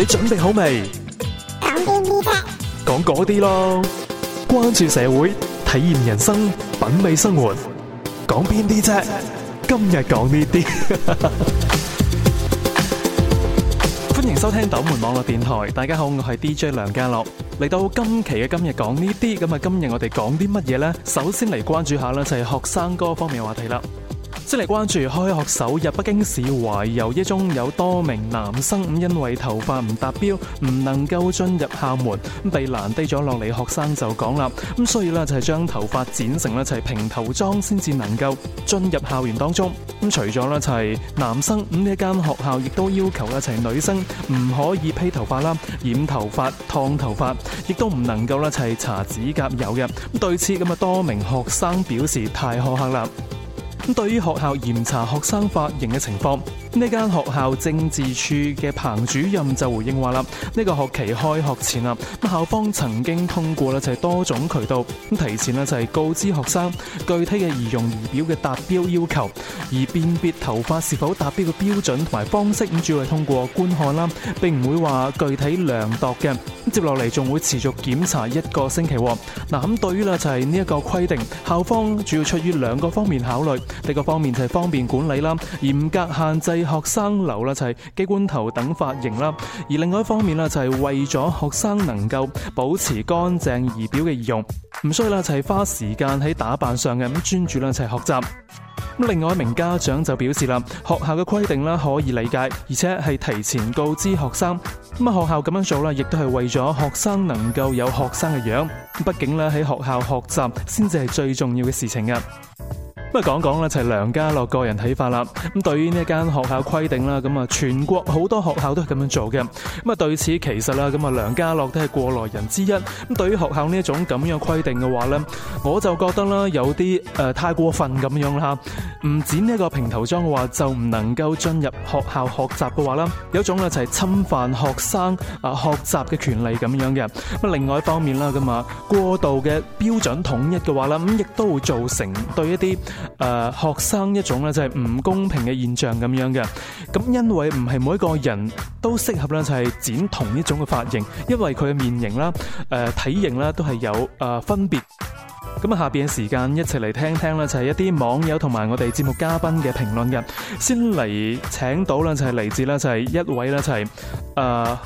你準備好未？講邊啲啫？講嗰啲咯。關注社會，體驗人生，品味生活。講邊啲啫？今日講呢啲。歡迎收聽斗門網絡電台，大家好，我係 DJ 梁家樂。嚟到今期嘅今日講呢啲，咁啊今日我哋講啲乜嘢呢？首先嚟關注下咧，就係學生哥方面嘅話題啦。即係關注開學首日，北京市懷柔一中有多名男生因為頭髮唔達標，唔能夠進入校門，被攔低咗落嚟。學生就講啦，咁所以呢，就係將頭髮剪成一齊平頭裝，先至能夠進入校園當中。咁除咗呢，就係男生，咁呢一間學校亦都要求一齊女生唔可以披頭髮啦、染頭髮、燙頭髮，亦都唔能夠咧一齊搽指甲油嘅。咁對此咁啊多名學生表示太苛刻啦。咁對於學校嚴查學生髮型嘅情況。呢間學校政治處嘅彭主任就回應話啦：呢個學期開學前啦，咁校方曾經通過啦，就係多種渠道咁提前啦，就係告知學生具體嘅儀容儀表嘅達標要求，而辨別頭髮是否達標嘅標準同埋方式，咁主要係通過觀看啦，並唔會話具體量度嘅。咁接落嚟仲會持續檢查一個星期。嗱，咁對於啦就係呢一個規定，校方主要出於兩個方面考慮，第一個方面就係方便管理啦，嚴格限制。學生留啦，就係、是、機關頭等髮型啦；而另外一方面啦，就係為咗學生能夠保持乾淨儀表嘅儀容，唔需要啦，就係花時間喺打扮上嘅咁專注啦，就係學習。咁另外一名家長就表示啦，學校嘅規定啦可以理解，而且係提前告知學生。咁啊，學校咁樣做啦，亦都係為咗學生能夠有學生嘅樣。畢竟啦，喺學校學習先至係最重要嘅事情噶。咁啊，講講啦，就係梁家樂個人睇法啦。咁對於呢間學校規定啦，咁啊，全國好多學校都係咁樣做嘅。咁啊，對此其實啦，咁啊，梁家樂都係過來人之一。咁對於學校呢一種咁樣規定嘅話呢，我就覺得啦，有啲誒太過分咁樣啦。唔剪呢一個平頭裝嘅話，就唔能夠進入學校學習嘅話啦，有一種咧就係侵犯學生啊學習嘅權利咁樣嘅。咁另外一方面啦，咁啊，過度嘅標準統一嘅話啦，咁亦都會造成對一啲誒、呃、學生一種咧就係唔公平嘅現象咁樣嘅。咁因為唔係每一個人都適合咧就係剪同一種嘅髮型，因為佢嘅面型啦、誒、呃、體型啦都係有誒、呃、分別。咁啊，下邊嘅時間一齊嚟聽聽咧，就係、是、一啲網友同埋我哋節目嘉賓嘅評論嘅。先嚟請到啦，就係、是、嚟自啦，就係一位啦，就係誒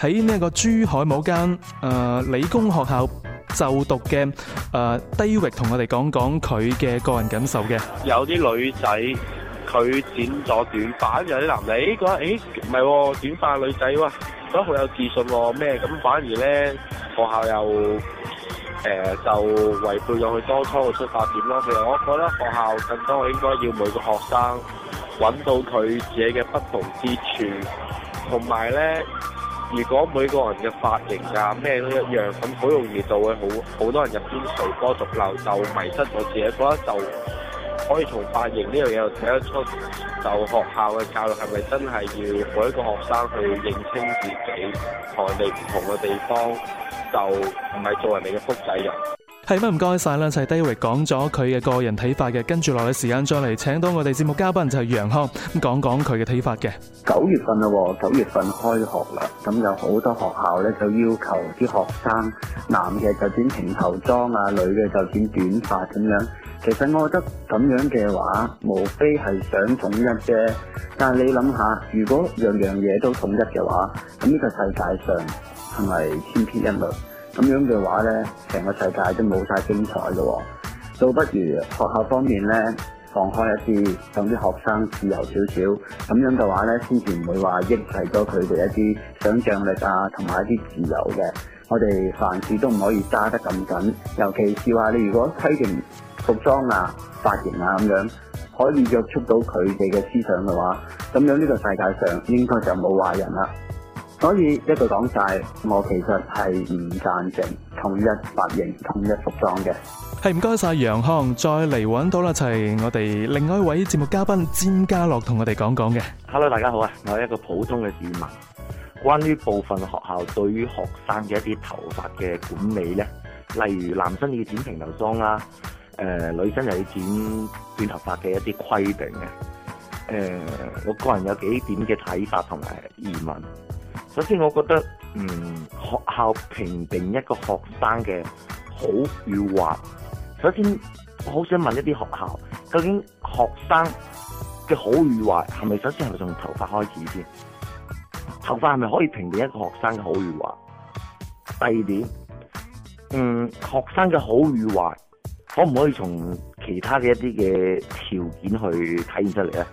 喺呢個珠海某間誒、呃、理工學校就讀嘅誒低域，同、呃、我哋講講佢嘅個人感受嘅。有啲女仔佢剪咗短髮，有啲男仔覺得：「誒唔係，短髮女仔哇覺得好有自信喎、哦、咩？咁反而咧學校又。誒、呃、就違背咗佢當初嘅出發點咯。其實我覺得學校更多應該要每個學生揾到佢自己嘅不同之處，同埋咧，如果每個人嘅髮型啊咩都一樣，咁好容易就會好好多人入邊隨波逐流，就迷失咗自己。覺得就可以從髮型呢樣嘢度睇得出，就學校嘅教育係咪真係要每一個學生去認清自己同人哋唔同嘅地方。就唔係作為你嘅福仔人，係乜唔該晒啦，就係 David 講咗佢嘅個人睇法嘅，跟住落去時間再嚟請到我哋節目嘉賓就係楊康咁講講佢嘅睇法嘅。九月份啦，九月份開學啦，咁有好多學校咧就要求啲學生男嘅就剪平頭裝啊，女嘅就剪短發咁樣。其實我覺得咁樣嘅話，無非係想統一啫。但係你諗下，如果樣樣嘢都統一嘅話，咁呢個世界上。同埋千篇一律，咁樣嘅話呢，成個世界都冇晒精彩嘅。哦，倒不如學校方面呢，放開一啲，等啲學生自由少少，咁樣嘅話呢，先至唔會話抑制咗佢哋一啲想象力啊，同埋一啲自由嘅。我哋凡事都唔可以揸得咁緊，尤其是話你如果規定服裝啊、髮型啊咁樣，可以約束到佢哋嘅思想嘅話，咁樣呢個世界上應該就冇壞人啦。所以一句講晒，我其實係唔贊成統一髮型、統一服裝嘅。係唔該晒楊康，再嚟揾到喇，就係我哋另外一位節目嘉賓詹家樂同我哋講講嘅。Hello，大家好啊！我係一個普通嘅市民，關於部分學校對於學生嘅一啲頭髮嘅管理咧，例如男生要剪平頭裝啦，誒、呃，女生又要剪短頭髮嘅一啲規定啊，誒、呃，我個人有幾點嘅睇法同埋疑問。首先，我覺得嗯學校評定一個學生嘅好與壞，首先我好想問一啲學校，究竟學生嘅好與壞係咪首先係咪從頭髮開始先？頭髮係咪可以評定一個學生嘅好與壞？第二點，嗯學生嘅好與壞，可唔可以從其他嘅一啲嘅條件去體現出嚟咧？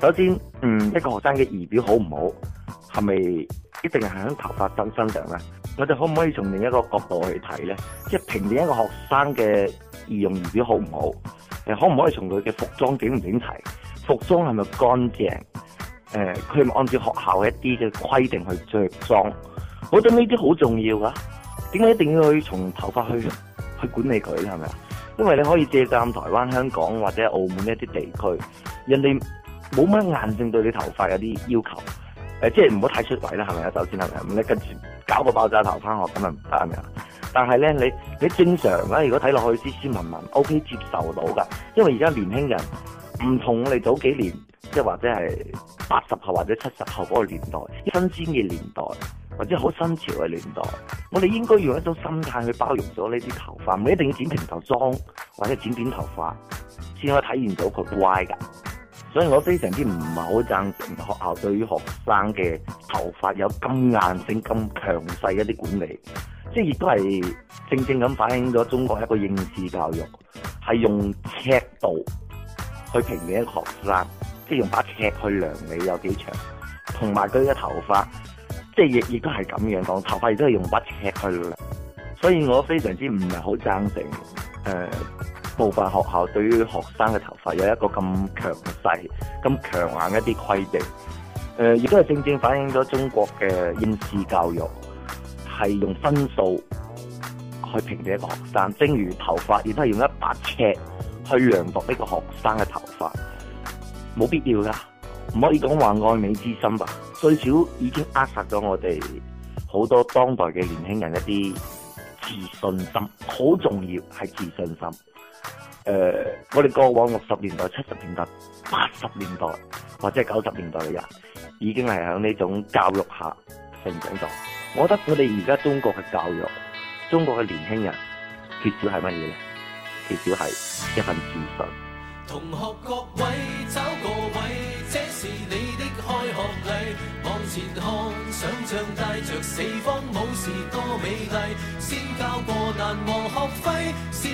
首先，嗯一個學生嘅儀表好唔好係咪？是不是一定係喺頭髮身身上咧，我哋可唔可以從另一個角度去睇咧？即係評定一個學生嘅儀容儀表好唔好？誒，可唔可以從佢嘅服裝整唔整齊？服裝係咪乾淨？誒、呃，佢係咪按照學校一啲嘅規定去着裝？我覺得呢啲好重要㗎。點解一定要去從頭髮去去管理佢咧？係咪啊？因為你可以借鑑台灣、香港或者澳門一啲地區，人哋冇乜硬性對你頭髮有啲要求。誒，即係唔好太出位啦，係咪啊？首先係咪？咁你跟住搞個爆炸頭翻學，咁啊唔得係咪？但係咧，你你正常咧，如果睇落去斯斯文文，O K 接受到噶。因為而家年輕人唔同我哋早幾年，即係或者係八十後或者七十後嗰個年代，新鮮嘅年代，或者好新潮嘅年代，我哋應該用一種心態去包容咗呢啲頭髮，唔一定要剪平頭裝或者剪短頭髮，先可以體現到佢乖噶。所以我非常之唔係好贊成學校對於學生嘅頭髮有咁硬性、咁強勢一啲管理，即係亦都係正正咁反映咗中國一個應試教育，係用尺度去評定一個學生，即係用把尺去量你有幾長，同埋佢嘅頭髮，即係亦亦都係咁樣講，頭髮亦都係用把尺去量。所以我非常之唔係好贊成誒。呃部分學校對於學生嘅頭髮有一個咁強勢、咁強硬一啲規定，誒、呃，亦都係正正反映咗中國嘅應試教育，係用分數去評定一個學生，正如頭髮亦都係用一把尺去量度呢個學生嘅頭髮，冇必要噶，唔可以講話愛美之心吧？最少已經扼殺咗我哋好多當代嘅年輕人一啲自信心，好重要係自信心。誒、呃，我哋過往六十年代、七十年代、八十年代或者九十年代嘅人，已經係喺呢種教育下成長咗。我覺得我哋而家中國嘅教育，中國嘅年輕人缺少係乜嘢咧？缺少係一份自信。同學各位，找個位，這是你的開學禮。往前看，想象帶着四方武士多美麗。先交過難忘學費先。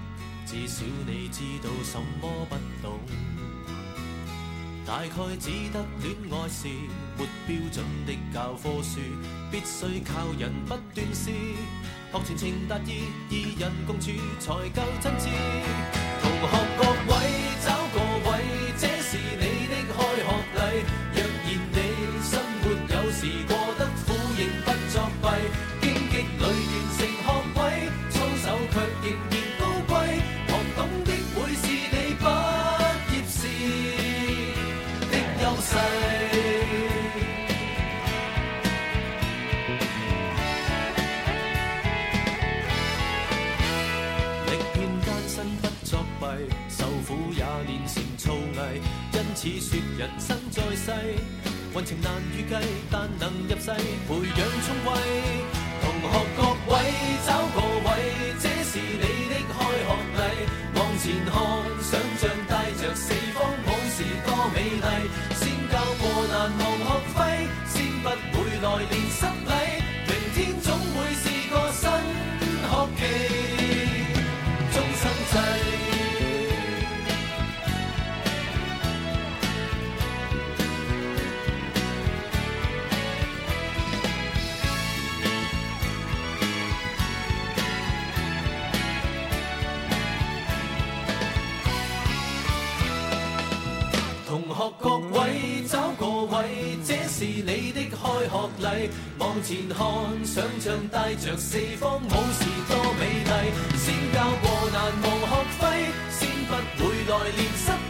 至少你知道什麼不懂，大概只得戀愛是沒標準的教科書，必須靠人不斷試，學傳情達意，二人共處才夠真摯。同學各位。似說人生在世，運程難預計，但能入世培養聰慧。同學各位找個位，這是你的開學禮。往前看，想象帶着四方往事多美麗。先交過難忘學費，先不會來年失禮，明天總會。各各位找個位，這是你的開學禮。往前看，想象帶着四方武士多美麗。先教過難忘學揮，先不會來練習。失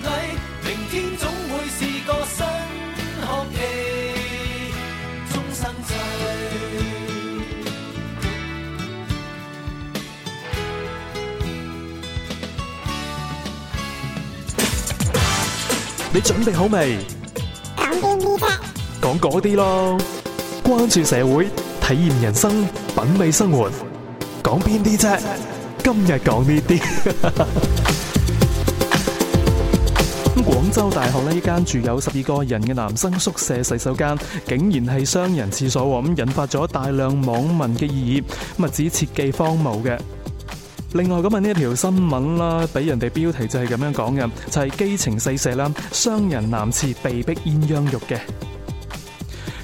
你準備好未？講邊啲啫？講嗰啲咯。關注社會，體驗人生，品味生活。講邊啲啫？今日講呢啲。咁廣州大學呢間住有十二個人嘅男生宿舍洗手間，竟然係雙人廁所喎，咁引發咗大量網民嘅熱議。咁啊，指設計荒謬嘅。另外咁啊，呢一條新聞啦，俾人哋標題就係咁樣講嘅，就係基情四射啦，雙人男廁被逼鴛鴦浴嘅。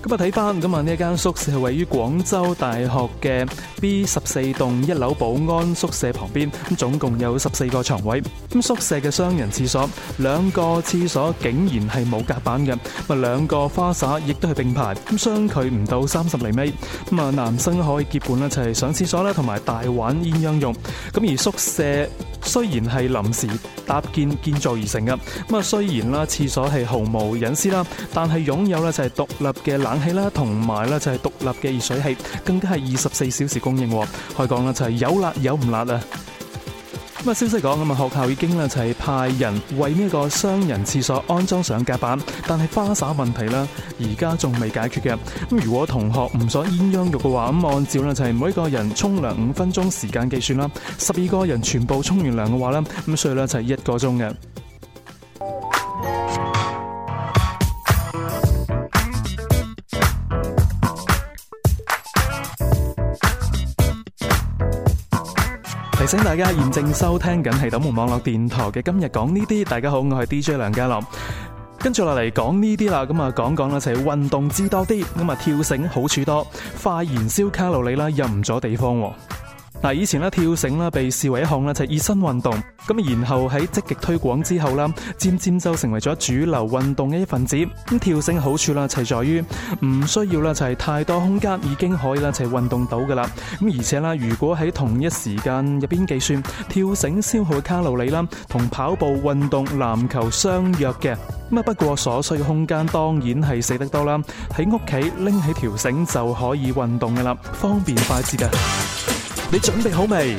咁睇翻咁啊，呢一間宿舍係位於廣州大學嘅 B 十四棟一樓保安宿舍旁邊，咁總共有十四個床位，咁宿舍嘅雙人廁所，兩個廁所竟然係冇隔板嘅，咪兩個花灑亦都係並排，咁相距唔到三十厘米，咁啊男生可以結伴一齊上廁所啦，同埋大玩鴛鴦浴。咁而宿舍。雖然係臨時搭建建造而成嘅，咁啊雖然啦，廁所係毫無隱私啦，但係擁有咧就係獨立嘅冷氣啦，同埋咧就係獨立嘅熱水器，更加係二十四小時供應。可以講咧就係有辣有唔辣啊！咁啊！消息講咁啊，學校已經咧，就係派人為呢個雙人廁所安裝上夾板，但係花灑問題咧而家仲未解決嘅。咁如果同學唔想鴛鴦浴嘅話，咁按照呢就係每個人沖涼五分鐘時間計算啦。十二個人全部沖完涼嘅話咧，咁所以咧就係一個鐘嘅。請大家現正收聽緊係斗門網絡電台嘅今日講呢啲。大家好，我係 DJ 梁家樂。跟住落嚟講呢啲啦。咁啊，講講啦，就運動知多啲。咁啊，跳繩好處多，快燃燒卡路里啦，入唔咗地方。嗱，以前咧跳繩咧被視為一項咧就係熱身運動，咁然後喺積極推廣之後啦，漸漸就成為咗主流運動嘅一份子。咁跳繩好處啦，就係在於唔需要啦，就係太多空間已經可以啦，就運動到噶啦。咁而且啦，如果喺同一時間入邊計算，跳繩消耗卡路里啦，同跑步、運動、籃球相約嘅。咁啊，不過所需嘅空間當然係少得多啦。喺屋企拎起條繩就可以運動噶啦，方便快捷嘅。你準備好未？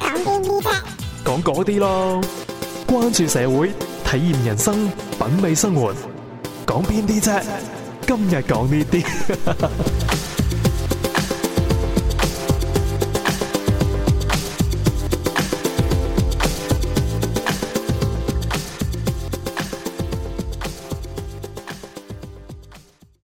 講邊啲啫？講嗰啲咯。關注社會，體驗人生，品味生活。講邊啲啫？今日講呢啲。